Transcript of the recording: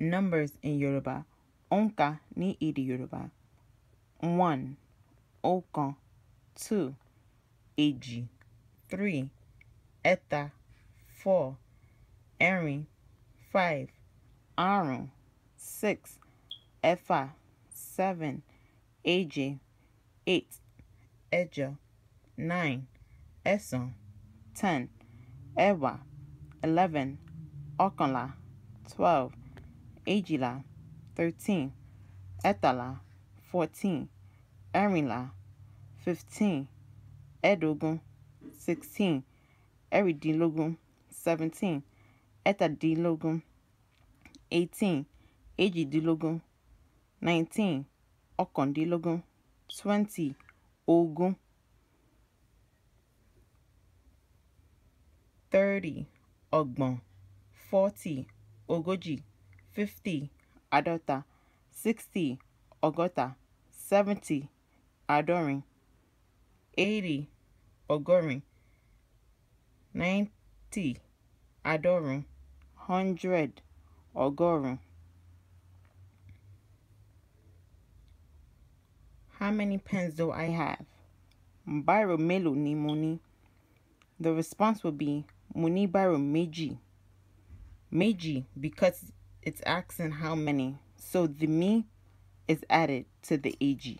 Numbers in Yoruba. Onka ni idi Yoruba. 1. Okan. 2. Eji. 3. Eta. 4. Erin. 5. Arun. 6. Efa. 7. Aj. 8. Ejo. 9. Ẹ̀sán 10 ẹ̀wá 11 ọ̀kànlá 12 èjìlá thirteen Ethala, fourteen ẹ́rìnlá fifteen ẹ́ẹ̀ẹ́dógún sixteen ẹ́ẹ̀rìndínlógún seventeen ẹ́ẹ̀tàdínlógún eighteen èjìdínlógún nineteen ọ̀kàndínlógún twenty Ogun, thirty Ogbon, forty ogójì. 50 adota, àádọ́ta sixty ọgọ́ta adoring, àádọ́rin ogoring, ọgọ́rin adoring, àádọ́rin hundred How many pens do I have? Biro mélòó ni mo The response will be muni ní méjì. Méjì because it's asking how many. So the me is added to the AG.